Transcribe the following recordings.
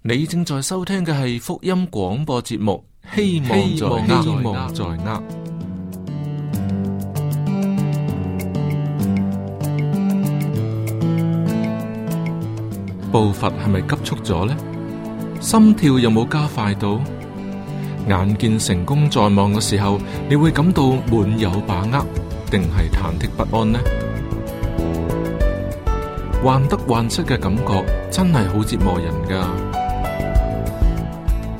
你正在收聽嘅係福音廣播節目，希望希望在握。步伐係咪急促咗呢？心跳有冇加快到？眼見成功在望嘅時候，你會感到滿有把握，定係忐忑不安呢？患得患失嘅感覺真係好折磨人噶。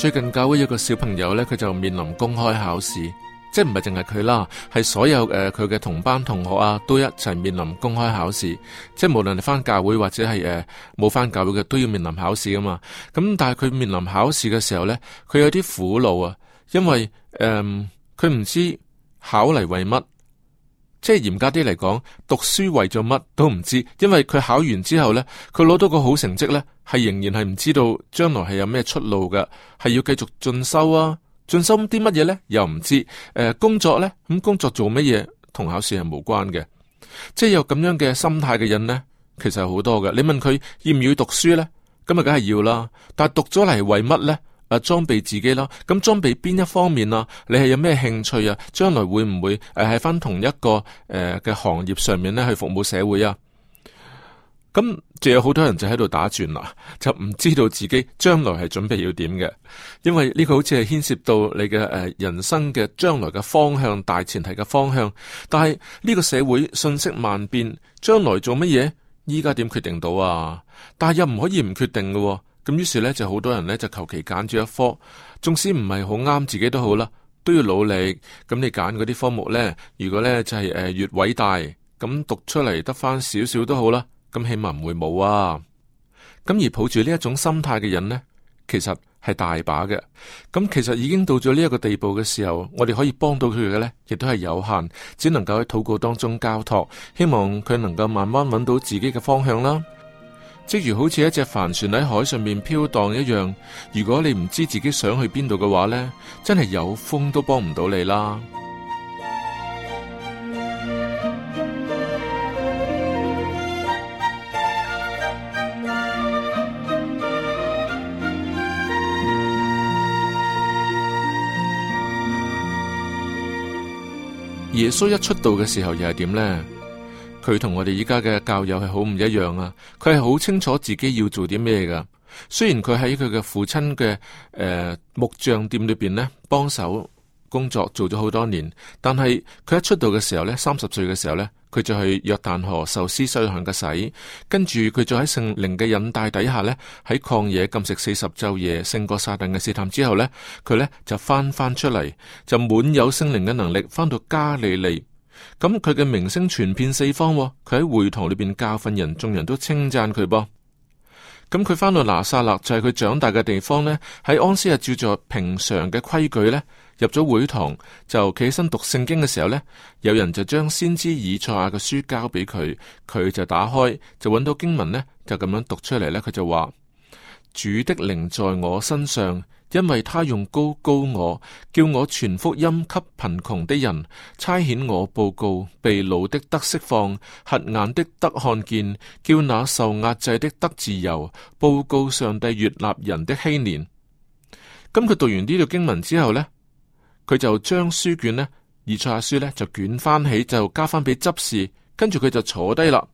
最近教會有個小朋友呢，佢就面臨公開考試，即係唔係淨係佢啦，係所有誒佢嘅同班同學啊，都一齊面臨公開考試。即係無論你翻教會或者係誒冇翻教會嘅，都要面臨考試噶嘛。咁但係佢面臨考試嘅時候呢，佢有啲苦惱啊，因為誒佢唔知考嚟為乜。即係嚴格啲嚟講，讀書為咗乜都唔知，因為佢考完之後呢，佢攞到個好成績呢，係仍然係唔知道將來係有咩出路㗎，係要繼續進修啊，進修啲乜嘢呢？又唔知誒、呃，工作呢，咁工作做乜嘢同考試係無關嘅，即係有咁樣嘅心態嘅人呢，其實好多嘅。你問佢要唔要讀書呢？咁啊，梗係要啦。但係讀咗嚟為乜呢？啊！裝備自己咯，咁裝備邊一方面啊？你係有咩興趣啊？將來會唔會誒喺翻同一個誒嘅、呃、行業上面咧去服務社會啊？咁、嗯、仲有好多人就喺度打轉啦、啊，就唔知道自己將來係準備要點嘅，因為呢個好似係牽涉到你嘅誒、呃、人生嘅將來嘅方向、大前提嘅方向。但係呢個社會瞬息萬變，將來做乜嘢？依家點決定到啊？但係又唔可以唔決定嘅、啊。咁於是咧，就好多人咧就求其揀咗一科，縱使唔係好啱自己都好啦，都要努力。咁你揀嗰啲科目呢，如果呢就係、是、誒、呃、越偉大，咁讀出嚟得翻少少都好啦。咁起碼唔會冇啊。咁而抱住呢一種心態嘅人呢，其實係大把嘅。咁其實已經到咗呢一個地步嘅時候，我哋可以幫到佢嘅呢，亦都係有限，只能夠喺禱告當中交託，希望佢能夠慢慢揾到自己嘅方向啦。即如好似一隻帆船喺海上面飄蕩一樣，如果你唔知自己想去邊度嘅話呢，真係有風都幫唔到你啦。耶穌一出道嘅時候，又係點呢？佢同我哋依家嘅教友係好唔一樣啊！佢係好清楚自己要做啲咩噶。雖然佢喺佢嘅父親嘅誒木匠店裏邊咧幫手工作做咗好多年，但係佢一出道嘅時候呢三十歲嘅時候呢，佢就去約旦河受施洗約翰嘅洗。跟住佢就喺聖靈嘅引帶底下呢，喺曠野禁食四十晝夜勝過撒旦嘅試探之後呢，佢呢就翻翻出嚟，就滿有聖靈嘅能力，翻到加利利。咁佢嘅名聲傳遍四方，哦，佢喺會堂裏邊教訓人，眾人都稱讚佢。噃。噉，佢返到拿撒勒就係、是、佢長大嘅地方呢，喺安息日照着平常嘅規矩呢入咗會堂就企身讀聖經嘅時候呢，有人就將先知以賽亞嘅書交俾佢，佢就打開就揾到經文呢就咁樣讀出嚟，呢佢就話主的靈在我身上。因為他用高高我，叫我傳福音給貧窮的人，差遣我報告被擄的得釋放，瞎眼的得看見，叫那受壓制的得自由，報告上帝悅納人的禧年。咁、嗯、佢讀完呢條經文之後呢，佢就將書卷咧，二冊書呢，就捲翻起，就交翻俾執事，跟住，佢就坐低啦。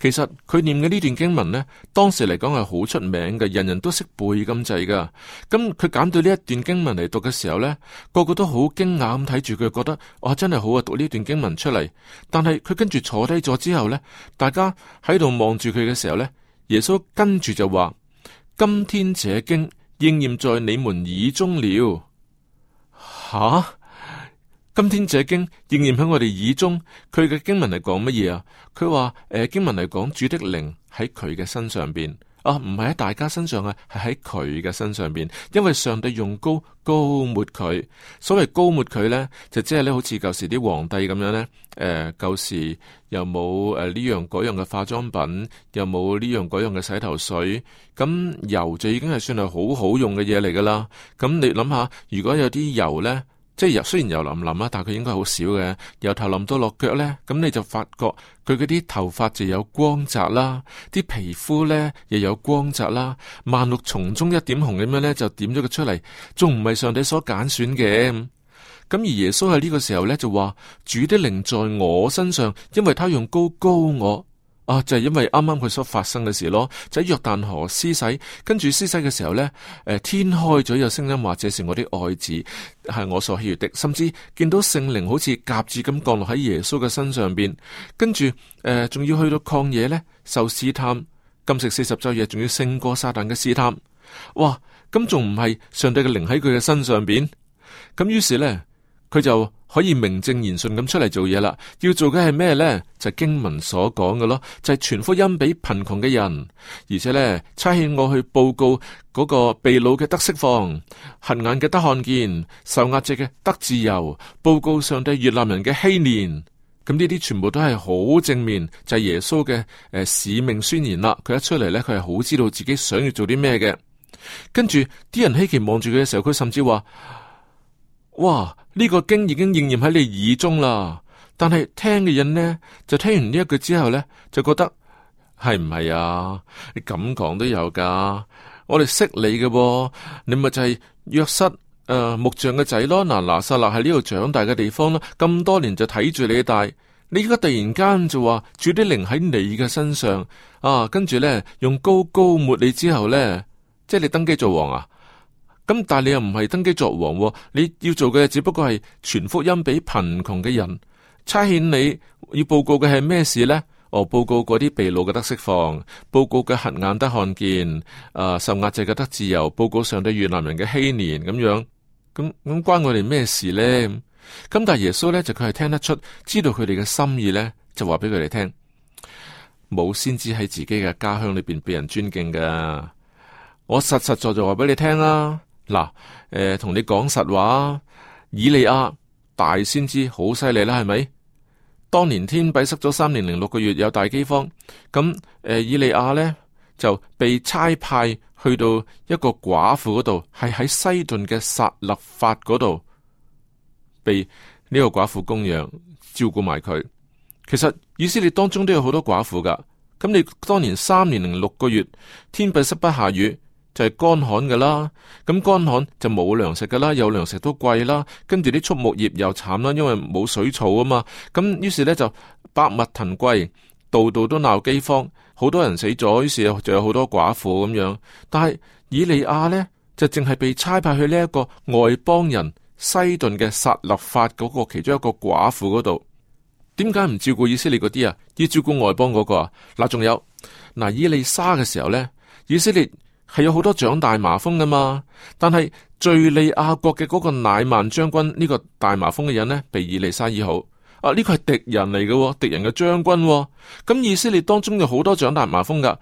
其實佢念嘅呢段經文呢，當時嚟講係好出名嘅，人人都識背咁滯噶。咁佢揀到呢一段經文嚟讀嘅時候呢，個個都好驚訝咁睇住佢，覺得哇真係好啊，好讀呢段經文出嚟。但係佢跟住坐低咗之後呢，大家喺度望住佢嘅時候呢，耶穌跟住就話：今天這經應驗在你們耳中了。吓！今天這經仍然喺我哋耳中，佢嘅經文係講乜嘢啊？佢話，誒、呃，經文係講主的靈喺佢嘅身上邊，啊，唔係喺大家身上啊，係喺佢嘅身上邊，因為上帝用膏膏抹佢。所謂膏抹佢呢，就即係咧，好似舊時啲皇帝咁樣呢。誒、呃，舊時又冇誒呢樣嗰樣嘅化妝品，又冇呢樣嗰樣嘅洗頭水，咁油就已經係算係好好用嘅嘢嚟噶啦。咁你諗下，如果有啲油呢。即係油，雖然油淋淋啊，但係佢應該好少嘅。由頭淋到落腳呢，咁你就發覺佢嗰啲頭髮就有光澤啦，啲皮膚呢又有光澤啦。萬綠叢中一點紅咁樣呢，就點咗佢出嚟，仲唔係上帝所揀選嘅？咁而耶穌喺呢個時候呢，就話：主的靈在我身上，因為他用膏膏我。啊！就係、是、因為啱啱佢所發生嘅事咯，就喺、是、約旦河施洗，跟住施洗嘅時候呢，誒、呃、天開咗有聲音話，這是我的愛子，係我所喜悅的，甚至見到聖靈好似鴿子咁降落喺耶穌嘅身上邊，跟住誒仲要去到曠野呢，受試探，禁食四十晝夜仲要勝過撒旦嘅試探，哇！咁仲唔係上帝嘅靈喺佢嘅身上邊？咁於是呢。佢就可以名正言順咁出嚟做嘢啦。要做嘅係咩呢？就是、經文所講嘅咯，就係、是、傳福音俾貧窮嘅人，而且呢，差遣我去報告嗰個被擄嘅得釋放，行眼嘅得看見，受壓脊嘅得自由。報告上帝悅納人嘅禧年。咁呢啲全部都係好正面，就係、是、耶穌嘅誒使命宣言啦。佢一出嚟呢，佢係好知道自己想要做啲咩嘅。跟住啲人希奇望住佢嘅時候，佢甚至話。哇！呢、這個經已經應驗喺你耳中啦，但係聽嘅人呢就聽完呢一句之後呢，就覺得係唔係啊？你咁講都有㗎，我哋識你嘅、哦，你咪就係約瑟誒木匠嘅仔咯。嗱，拿撒勒喺呢度長大嘅地方啦，咁多年就睇住你大，你而家突然間就話主啲靈喺你嘅身上啊，跟住呢，用高高抹你之後呢，即係你登基做王啊！咁但係你又唔係登基作王，哦，你要做嘅只不過係傳福音俾貧窮嘅人差遣。猜猜你要報告嘅係咩事呢？哦，報告嗰啲被擄嘅得釋放，報告嘅瞎眼得看見，誒、呃，受壓制嘅得自由，報告上帝悅納人嘅禧年咁樣咁咁，嗯嗯，關我哋咩事呢？咁，嗯，但係耶穌呢，就佢係聽得出，知道佢哋嘅心意呢，就話俾佢哋聽，冇先知喺自己嘅家鄉裏邊俾人尊敬嘅。我實實在在話俾你聽啦。嗱，誒，同、呃、你講實話，以利亞大先知好犀利啦，係咪？當年天閉塞咗三年零六個月，有大饑荒，咁誒、呃，以利亞呢，就被差派去到一個寡婦嗰度，係喺西頓嘅撒勒法嗰度，被呢個寡婦供養照顧埋佢。其實以色列當中都有好多寡婦噶，咁你當年三年零六個月，天閉塞不下雨。就係乾旱噶啦，咁乾旱就冇糧食噶啦，有糧食都貴啦。跟住啲畜牧業又慘啦，因為冇水草啊嘛。咁於是咧就百物騰貴，度度都鬧饑荒，好多人死咗。於是就有好多寡婦咁樣。但係以利亞咧就淨係被差派去呢一個外邦人西頓嘅撒勒法嗰個其中一個寡婦嗰度，點解唔照顧以色列嗰啲啊？要照顧外邦嗰個啊？嗱，仲有嗱，以利沙嘅時候咧，以色列，係有好多長大麻風噶嘛，但係敘利亞國嘅嗰個乃曼將軍呢、這個大麻風嘅人呢，被以利沙醫好。啊，呢、這個係敵人嚟嘅，哦，敵人嘅將軍。哦。咁以色列當中有好多長大麻風噶，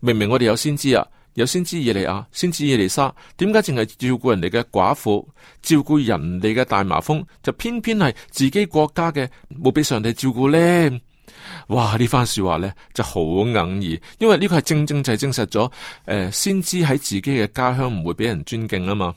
明明我哋有先知啊，有先知以利亞，先知以利沙，點解淨係照顧人哋嘅寡婦，照顧人哋嘅大麻風，就偏偏係自己國家嘅冇俾上帝照顧呢？哇！呢番說話咧就好哽耳，因為呢個係正正就係證實咗，誒、呃，先知喺自己嘅家鄉唔會俾人尊敬啊嘛。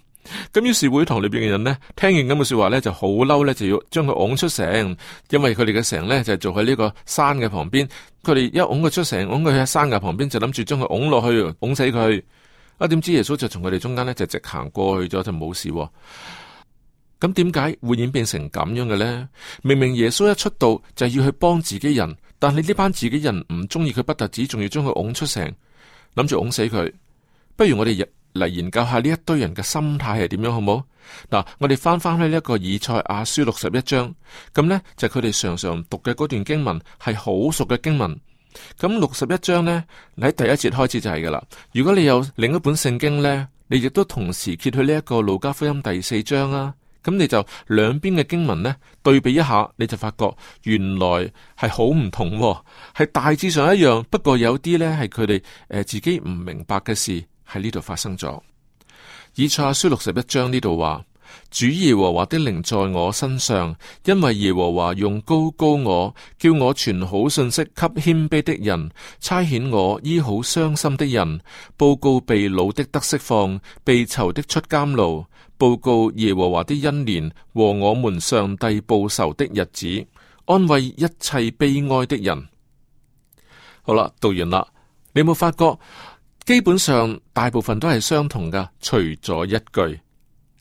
咁於是會堂裏邊嘅人呢，聽完咁嘅說話咧，就好嬲咧，就要將佢拱出城，因為佢哋嘅城咧就係做喺呢個山嘅旁邊。佢哋一拱佢出城，拱佢喺山嘅旁邊，就諗住將佢拱落去，拱死佢。啊，點知耶穌就從佢哋中間咧就直行過去咗，就冇事。咁點解會演變成咁樣嘅呢？明明耶穌一出道就係要去幫自己人，但係呢班自己人唔中意佢，不但止，仲要將佢拱出城，諗住拱死佢。不如我哋嚟研究下呢一堆人嘅心態係點樣，好唔好？嗱，我哋翻翻去呢一個以賽亞書六十一章，咁呢，就係佢哋常常讀嘅嗰段經文，係好熟嘅經文。咁六十一章呢，喺第一節開始就係噶啦。如果你有另一本聖經呢，你亦都同時揭去呢一個路加福音第四章啊。咁你就兩邊嘅經文呢，對比一下，你就發覺原來係好唔同，係大致上一樣，不過有啲呢係佢哋誒自己唔明白嘅事喺呢度發生咗。以賽亞書六十一章呢度話。主耶和華的靈在我身上，因為耶和華用膏膏我，叫我傳好信息給謙卑的人，差遣我醫好傷心的人，報告被擄的得釋放，被囚的出監牢，報告耶和華的恩年和我們上帝報仇的日子，安慰一切悲哀的人。好啦，讀完啦，你有冇發覺基本上大部分都係相同噶，除咗一句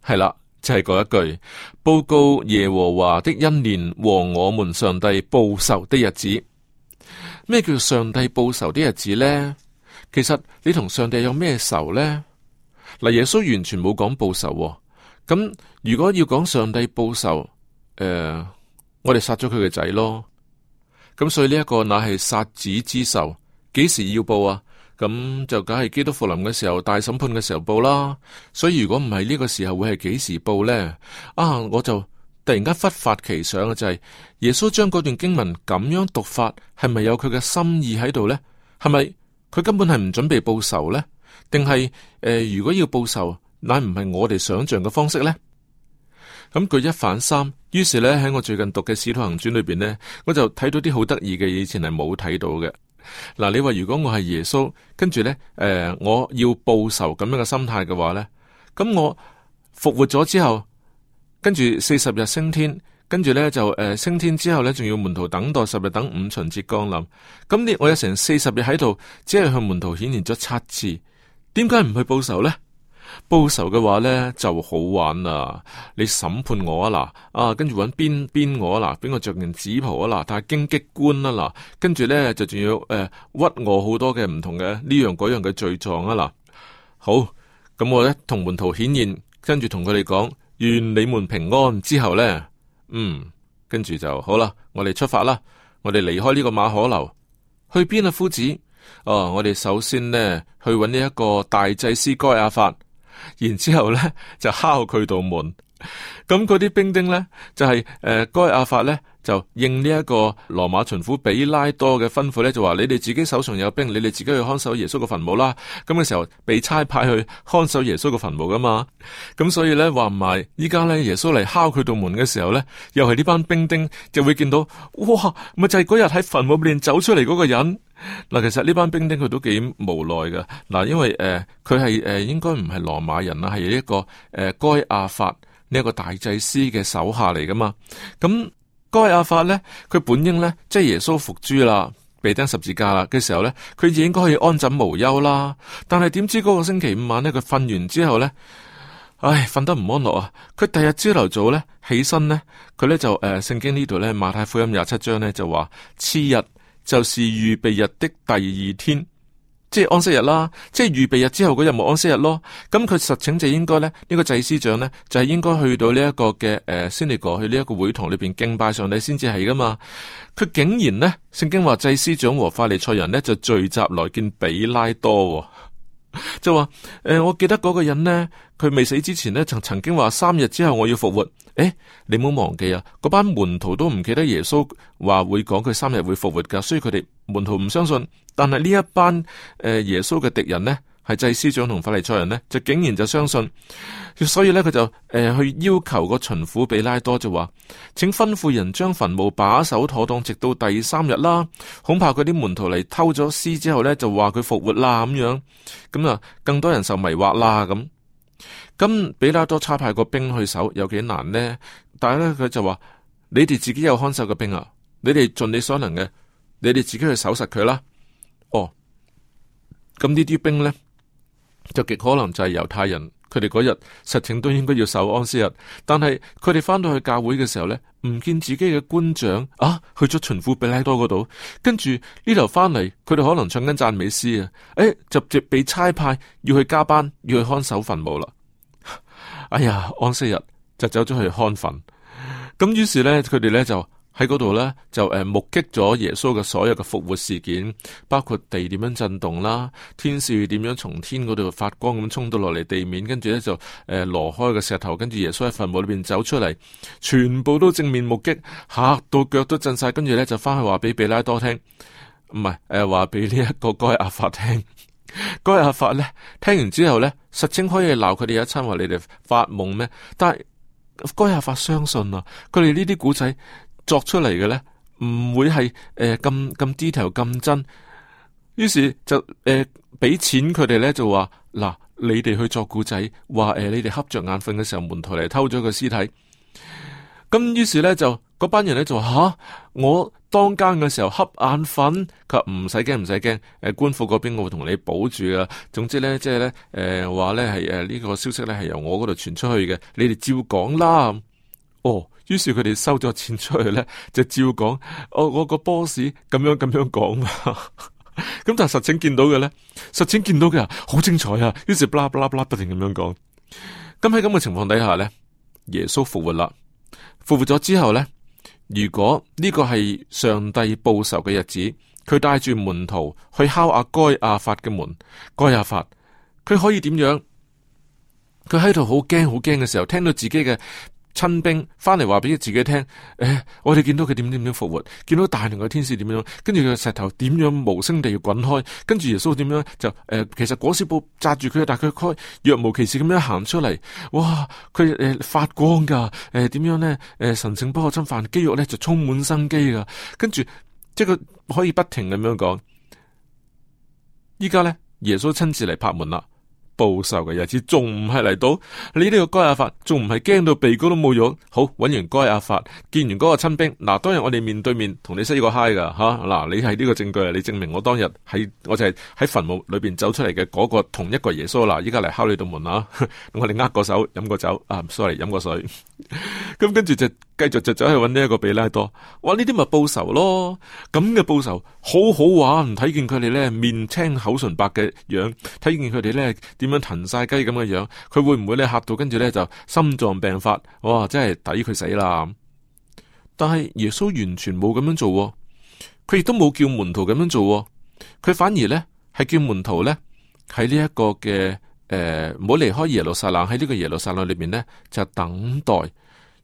係啦。就係嗰一句，報告耶和華的恩年和我們上帝報仇的日子。咩叫上帝報仇的日子呢？其實你同上帝有咩仇呢？嗱，耶穌完全冇講報仇，哦。咁如果要講上帝報仇，誒、呃，我哋殺咗佢嘅仔咯。咁所以呢一個乃係殺子之仇，幾時要報啊？咁就梗係基督降臨嘅時候，大審判嘅時候報啦，所以如果唔係呢個時候，會係幾時報呢？啊，我就突然間忽發奇想嘅就係，耶穌將嗰段經文咁樣讀法，係咪有佢嘅心意喺度呢？係咪佢根本係唔準備報仇呢？定係誒，如果要報仇，乃唔係我哋想象嘅方式呢？咁舉一反三，於是呢，喺我最近讀嘅《使徒行傳》裏邊呢，我就睇到啲好得意嘅，以前係冇睇到嘅。嗱，你話如果我係耶穌，跟住呢，誒、呃，我要報仇咁樣嘅心態嘅話呢，咁我復活咗之後，跟住四十日升天，跟住呢就誒、呃、升天之後呢，仲要門徒等待十日等五旬節降臨，咁呢，我有成四十日喺度，只係向門徒顯現咗七次，點解唔去報仇呢？報仇嘅話呢就好玩啦！你審判我啊嗱啊，跟住搵邊邊我啊嗱，邊個着件紫袍啊嗱，戴荊棘冠啦，跟住呢，就仲要誒屈、呃、我好多嘅唔同嘅呢樣嗰樣嘅罪狀啊嗱。好，咁我呢，同門徒顯現，跟住同佢哋講願你們平安。之後呢，嗯，跟住就好啦。我哋出發啦，我哋離開呢個馬可樓去邊啊？夫子，哦、啊，我哋首先呢，去搵呢一個大祭司該亞法。然之後咧就敲佢道門，咁嗰啲兵丁咧就係、是、誒、該、呃、亞法咧就應呢一個羅馬巡撫比拉多嘅吩咐咧，就話你哋自己手上有兵，你哋自己去看守耶穌嘅墳墓啦。咁、這、嘅、個、時候被差派去看守耶穌嘅墳墓噶嘛，咁、嗯、所以咧話唔埋，依家咧耶穌嚟敲佢道門嘅時候咧，又係呢班兵丁就會見到，哇，咪就係嗰日喺墳墓入面走出嚟嗰個人。嗱，其實呢班兵丁佢都幾無奈噶，嗱，因為誒佢係誒應該唔係羅馬人啦，係一個誒該亞法呢一個大祭司嘅手下嚟噶嘛。咁該亞法咧，佢本應咧即係耶穌伏誅啦，被釘十字架啦嘅時候咧，佢應該可以安枕無憂啦。但係點知嗰個星期五晚咧，佢瞓完之後咧，唉，瞓得唔安樂啊！佢第日朝頭早咧起身咧，佢咧就誒，聖、呃、經呢度咧馬太福音廿七章咧就話，次日。就是預備日的第二天，即係安息日啦，即係預備日之後嗰日冇安息日咯。咁佢實請就應該咧，呢、這個祭司長咧就係、是、應該去到呢一個嘅誒、呃、先尼國去呢一個會堂裏邊敬拜上帝先至係噶嘛。佢竟然呢，聖經話祭司長和法利賽人呢，就聚集來見彼拉多，哦。就話誒、呃，我記得嗰個人呢，佢未死之前呢，曾曾經話三日之後我要復活。誒、欸，你唔好忘記啊，嗰班門徒都唔記得耶穌話會講佢三日會復活噶，所以佢哋門徒唔相信。但係呢一班誒、呃、耶穌嘅敵人呢。係祭司長同法利賽人呢，就竟然就相信，所以呢，佢就誒、呃、去要求個巡撫比拉多就話，請吩咐人將墳墓把守妥當，直到第三日啦。恐怕佢啲門徒嚟偷咗屍之後呢，就話佢復活啦咁樣，咁啊更多人受迷惑啦咁。咁、嗯、比拉多差派個兵去守，有幾難呢？但係咧佢就話：你哋自己有看守嘅兵啊，你哋盡你所能嘅，你哋自己去守實佢啦。哦，咁呢啲兵呢。就極可能就係猶太人，佢哋嗰日實情都應該要守安息日，但係佢哋翻到去教會嘅時候咧，唔見自己嘅官長啊，去咗巡撫比拉多嗰度，跟住呢頭翻嚟，佢哋可能唱緊讚美詩啊，誒、哎，直接俾差派要去加班，要去看守墳墓啦。哎呀，安息日就走咗去看墳，咁於是咧，佢哋咧就。喺嗰度咧就誒目擊咗耶穌嘅所有嘅復活事件，包括地點樣震動啦，天使點樣從天嗰度發光咁衝到落嚟地面，跟住咧就誒挪開個石頭，跟住耶穌喺墳墓裏邊走出嚟，全部都正面目擊，嚇到腳都震晒，跟住咧就翻去話俾彼拉多聽，唔係誒話俾呢一個該亞法聽，該亞法咧聽完之後咧，實情可以鬧佢哋一餐話你哋發夢咩？但係該亞法相信啊，佢哋呢啲古仔。作出嚟嘅咧，唔會係誒咁咁 detail 咁真，於、呃、是就誒俾、呃、錢佢哋咧就話嗱，你哋去作古仔，話誒、呃、你哋恰着眼瞓嘅時候，門徒嚟偷咗個屍體，咁於是咧就嗰班人咧就話吓、啊，我當間嘅時候恰眼瞓，佢唔使驚唔使驚，誒、呃、官府嗰邊我會同你保住啊。總之咧，即係咧，誒話咧係誒呢、呃這個消息咧係由我嗰度傳出去嘅，你哋照講啦。哦。於是佢哋收咗錢出去咧，就照講，我我個 boss 咁樣咁樣講，咁 但係實情見到嘅咧，實情見到嘅好精彩啊！於是 bla、ah, bla bla 不停咁樣講。咁喺咁嘅情況底下咧，耶穌復活啦，復活咗之後咧，如果呢個係上帝報仇嘅日子，佢帶住門徒去敲阿該亞法嘅門，該亞法，佢可以點樣？佢喺度好驚好驚嘅時候，聽到自己嘅。親兵翻嚟話俾佢自己聽，誒，我哋見到佢點點點復活，見到大量嘅天使點樣，跟住佢個石頭點樣無聲地要滾開，跟住耶穌點樣就誒、呃，其實裹屍布紮住佢，但佢開若無其事咁樣行出嚟，哇，佢誒、呃、發光噶，誒、呃、點樣咧，誒、呃、神聖不可侵犯，肌肉咧就充滿生機噶，跟住即係佢可以不停咁樣講，依家，咧耶穌親自嚟拍門啦。報仇嘅日子仲唔係嚟到？你呢個該阿法仲唔係驚到鼻哥都冇用？好揾完該阿法，見完嗰個親兵，嗱、啊、當日我哋面對面同你 say 個 hi 噶吓，嗱、啊啊、你係呢個證據啊！你證明我當日喺我就係喺墳墓裏邊走出嚟嘅嗰個同一個耶穌啦！依家嚟敲你道門咁、啊、我哋握個手飲個酒啊，sorry 飲個水，咁 跟住就繼續就走去揾呢一個比拉多，哇呢啲咪報仇咯？咁嘅報仇好好玩，睇見佢哋咧面青口唇白嘅樣，睇見佢哋咧點。咁樣騰晒雞咁嘅樣，佢會唔會咧嚇到？跟住咧就心臟病發？哇！真係抵佢死啦！但係耶穌完全冇咁樣做、哦，佢亦都冇叫門徒咁樣做、哦，佢反而咧係叫門徒咧喺呢一個嘅誒，唔好離開耶路撒冷。喺呢個耶路撒冷裏面咧就等待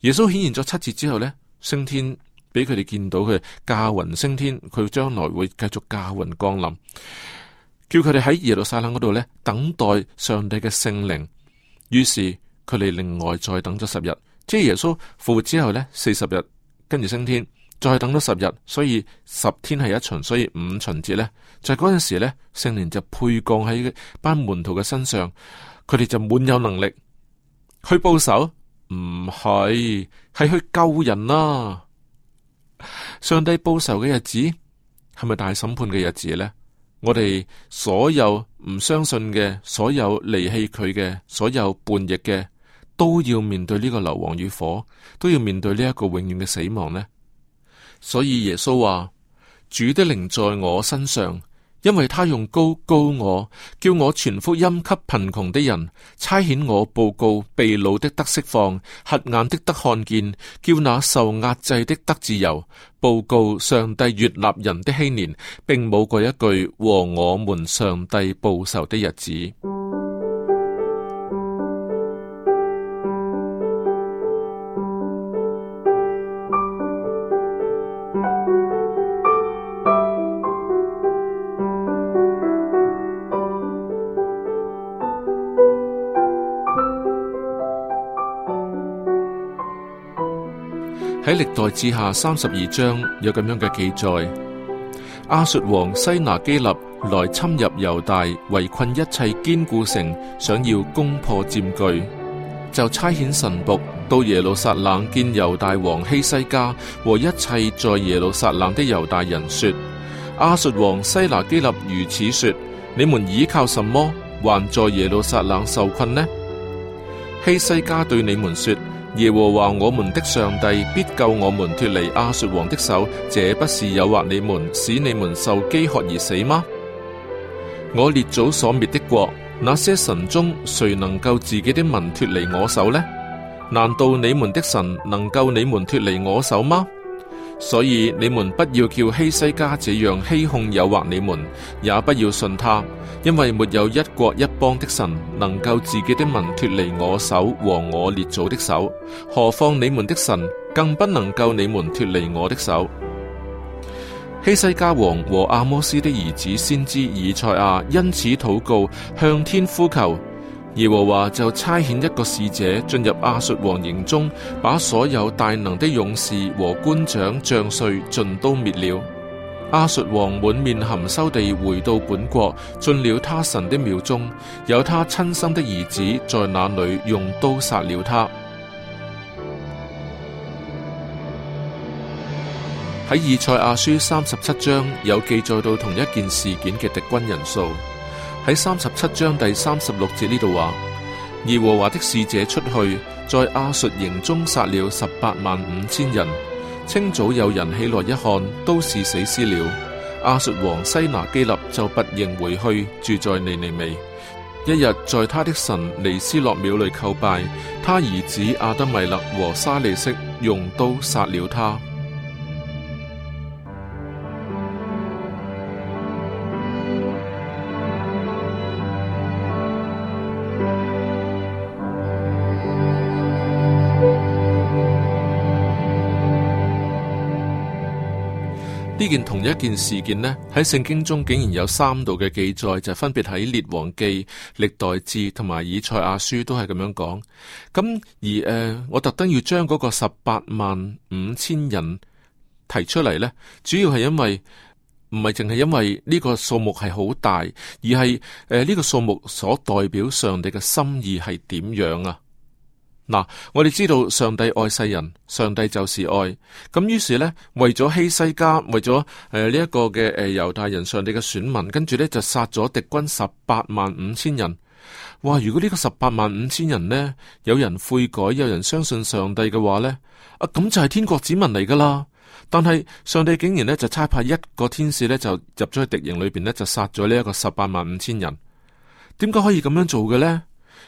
耶穌顯現咗七次之後咧升，升天，俾佢哋見到佢駕雲升天，佢將來會繼續駕雲降臨。叫佢哋喺耶路撒冷嗰度咧等待上帝嘅聖靈，於是佢哋另外再等咗十日，即係耶穌復活之後咧四十日，跟住升天，再等咗十日，所以十天係一旬，所以五旬節咧就嗰、是、陣時咧聖靈就沛降喺班門徒嘅身上，佢哋就滿有能力去報仇，唔係係去救人啦、啊。上帝報仇嘅日子係咪大審判嘅日子咧？我哋所有唔相信嘅，所有離棄佢嘅，所有叛逆嘅，都要面對呢個硫磺與火，都要面對呢一個永遠嘅死亡呢？所以耶穌話：主的靈在我身上。因為他用膏膏我，叫我傳福音給貧窮的人，差遣我報告被擄的得釋放，瞎眼的得看見，叫那受壓制的得自由。報告上帝悅納人的禧年，並冇過一句和我們上帝報仇的日子。喺歷代志下三十二章有咁樣嘅記載，亞述王西拿基立來侵入猶大，圍困一切堅固城，想要攻破佔據，就差遣臣僕到耶路撒冷，見猶大王希西家和一切在耶路撒冷的猶大人說：亞述王西拿基立如此說，你們倚靠什麼，還在耶路撒冷受困呢？希西家對你們說。耶和華我們的上帝必救我們脫離亞述王的手，這不是誘惑你們，使你們受飢渴而死嗎？我列祖所滅的國，那些神中誰能夠自己的民脫離我手呢？難道你們的神能救你們脫離我手嗎？所以你們不要叫希西家這樣欺哄誘惑你們，也不要信他，因為沒有一國一邦的神能夠自己的民脫離我手和我列祖的手，何況你們的神更不能夠你們脫離我的手。希西家王和阿摩斯的兒子先知以賽亞因此禱告，向天呼求。耶和華就差遣一個使者進入亞述王營中，把所有大能的勇士和官長、將帥盡都滅了。亞述王滿面含羞地回到本國，進了他神的廟中，有他親生的兒子在那裏用刀殺了他。喺以賽亞書三十七章有記載到同一件事件嘅敵軍人數。喺三十七章第三十六節呢度話，耶和華的使者出去，在亞述營中殺了十八萬五千人。清早有人起來一看，都是死屍了。亞述王西拿基立就不認回去，住在尼尼微。一日在他的神尼斯洛廟裏叩拜，他兒子亞得米勒和沙利色用刀殺了他。呢件同一件事件呢，喺聖經中竟然有三度嘅記載，就是，分別喺列王記、歷代志同埋以賽亞書都係咁樣講。咁而誒、呃，我特登要將嗰個十八萬五千人提出嚟呢，主要係因為唔係淨係因為呢個數目係好大，而係誒呢個數目所代表上帝嘅心意係點樣啊？嗱，我哋知道上帝愛世人，上帝就是愛。咁於是呢，為咗希西家，為咗誒呢一個嘅誒猶太人上帝嘅選民，跟住呢就殺咗敵軍十八萬五千人。哇！如果呢個十八萬五千人呢，有人悔改，有人相信上帝嘅話呢，啊咁就係天國子民嚟噶啦。但係上帝竟然呢，就差派一個天使呢，就入咗去敵營裏邊呢，就殺咗呢一個十八萬五千人。點解可以咁樣做嘅呢？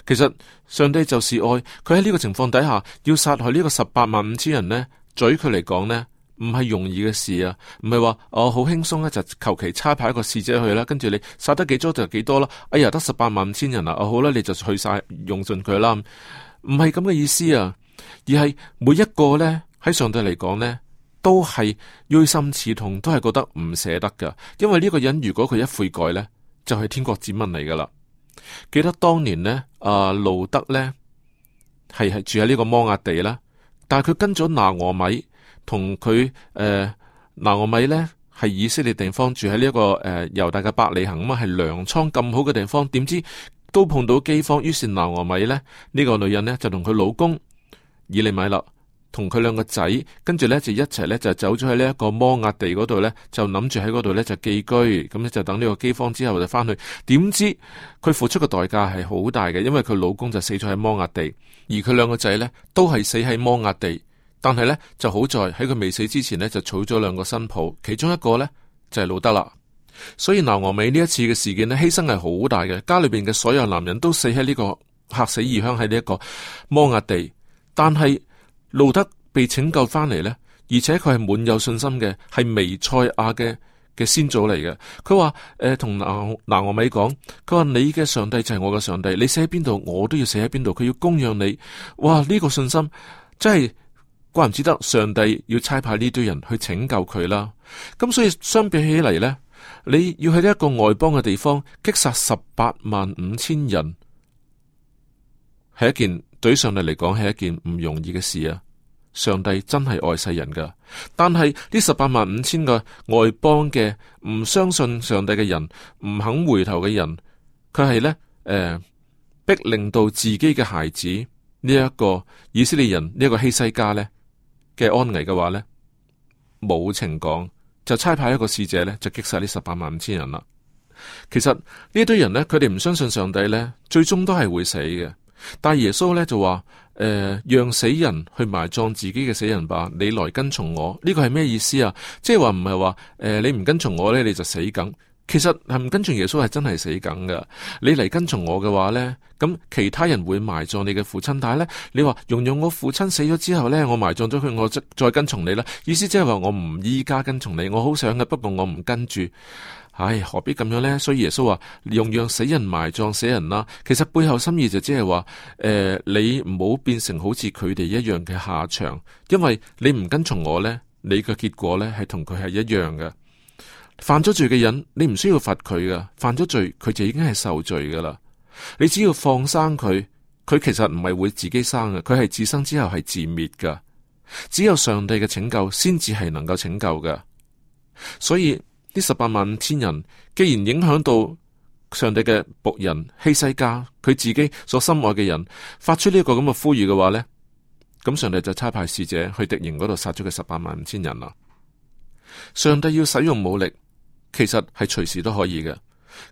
其實上帝就是愛，佢喺呢個情況底下要殺害呢個十八萬五千人呢，嘴佢嚟講呢，唔係容易嘅事啊，唔係話我好輕鬆咧就求其差派一個使者去啦，跟住你殺得幾多就幾多啦，哎呀得十八萬五千人啊，哦好啦你就去晒用盡佢啦，唔係咁嘅意思啊，而係每一個呢，喺上帝嚟講呢，都係錐心刺痛，都係覺得唔捨得噶，因為呢個人如果佢一悔改呢，就係、是、天國子民嚟噶啦。記得當年，啊，呢，阿路德呢係係住喺呢個摩押地啦，但係佢跟咗拿俄米，同佢誒拿俄米呢係以色列地方住喺呢一個誒猶大嘅伯利恆啊嘛，係糧倉咁好嘅地方，點，這個呃，知都碰到饑荒，於是拿俄米呢，呢，這個女人呢就同佢老公以利米勒。同佢兩個仔，跟住咧就一齊咧就走咗去呢一個摩押地嗰度咧，就諗住喺嗰度咧就寄居，咁咧就等呢個饑荒之後就翻去。點知佢付出嘅代價係好大嘅，因為佢老公就死咗喺摩押地，而佢兩個仔咧都係死喺摩押地。但係咧就好在喺佢未死之前咧就娶咗兩個新抱，其中一個咧就係、是、路得啦。所以拿俄米呢一次嘅事件呢，犧牲係好大嘅，家裏邊嘅所有男人都死喺呢、這個客死異鄉喺呢一個摩押地，但係。路得被拯救翻嚟呢，而且佢係滿有信心嘅，係彌賽亞嘅嘅先祖嚟嘅。佢話，誒、呃，同拿拿俄米講，佢話，你嘅上帝就係我嘅上帝，你死喺邊度，我都要死喺邊度。佢要供養你。哇，呢、這個信心真係怪唔之得，上帝要差派呢堆人去拯救佢啦。咁所以相比起嚟呢，你要喺一個外邦嘅地方擊殺十八萬五千人，係一件。對上帝嚟講係一件唔容易嘅事啊！上帝真係愛世人㗎，但係呢十八萬五千個外邦嘅唔相信上帝嘅人，唔肯回頭嘅人，佢係呢，誒、呃，逼令到自己嘅孩子呢一、這個以色列人呢一、這個希西家呢嘅安危嘅話呢，冇情講就差派一個使者呢，就擊殺呢十八萬五千人啦。其實呢堆人呢，佢哋唔相信上帝呢，最終都係會死嘅。但係耶穌咧就話：誒、呃，讓死人去埋葬自己嘅死人吧，你來跟從我。呢個係咩意思啊？即係話唔係話，誒、呃，你唔跟從我呢，你就死梗。其實係唔跟從耶穌係真係死梗噶。你嚟跟從我嘅話呢，咁其他人會埋葬你嘅父親。但係咧，你話容容我父親死咗之後呢，我埋葬咗佢，我再跟從你啦。意思即係話我唔依家跟從你，我好想嘅，不過我唔跟住。唉、哎，何必咁樣呢？所以耶穌話用讓死人埋葬死人啦。其實背後心意就只係話，誒、呃，你唔好變成好似佢哋一樣嘅下場，因為你唔跟從我呢，你嘅結果呢係同佢係一樣嘅。犯咗罪嘅人，你唔需要罰佢噶犯咗罪佢就已經係受罪噶啦。你只要放生佢，佢其實唔係會自己生嘅，佢係自生之後係自滅噶。只有上帝嘅拯救先至係能夠拯救嘅，所以。呢十八萬五千人，既然影響到上帝嘅僕人希西家，佢自己所心愛嘅人，發出呢一個咁嘅呼籲嘅話呢，咁上帝就差派使者去敵營嗰度殺咗佢十八萬五千人啦。上帝要使用武力，其實係隨時都可以嘅。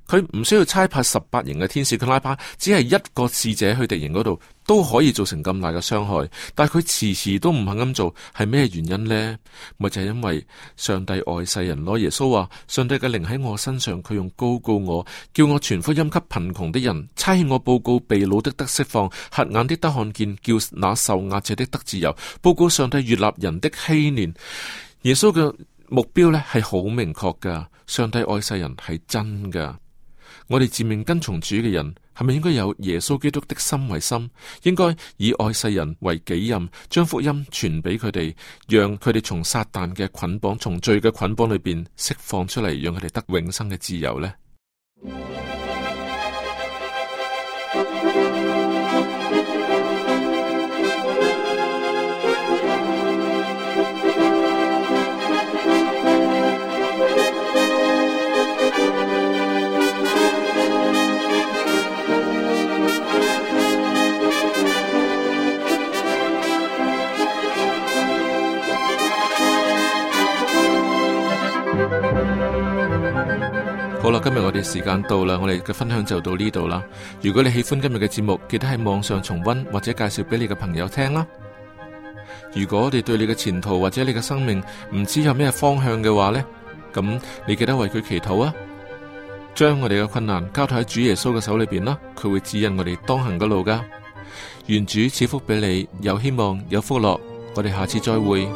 佢唔需要差派十八營嘅天使，佢拉扒只係一個使者去敵營嗰度都可以造成咁大嘅傷害，但係佢遲遲都唔肯咁做，係咩原因呢？咪就係、是、因為上帝愛世人咯。耶穌話：上帝嘅靈喺我身上，佢用高告我，叫我傳福音給貧窮的人，差遣我報告被擄的得釋放，瞎眼的得看見，叫那受壓者的得自由，報告上帝越立人的欺念。耶穌嘅。目標咧，係好明確噶，上帝愛世人係真噶。我哋自命跟從主嘅人，係咪應該有耶穌基督的心為心？應該以愛世人為己任，將福音傳俾佢哋，讓佢哋從撒旦嘅捆綁、從罪嘅捆綁裏邊釋放出嚟，讓佢哋得永生嘅自由呢？今日我哋時間到啦，我哋嘅分享就到呢度啦。如果你喜歡今日嘅節目，記得喺網上重温或者介紹俾你嘅朋友聽啦。如果我哋對你嘅前途或者你嘅生命唔知有咩方向嘅話呢，咁你記得為佢祈禱啊，將我哋嘅困難交託喺主耶穌嘅手裏邊啦，佢會指引我哋當行嘅路噶。願主賜福俾你有，有希望，有福樂。我哋下次再會。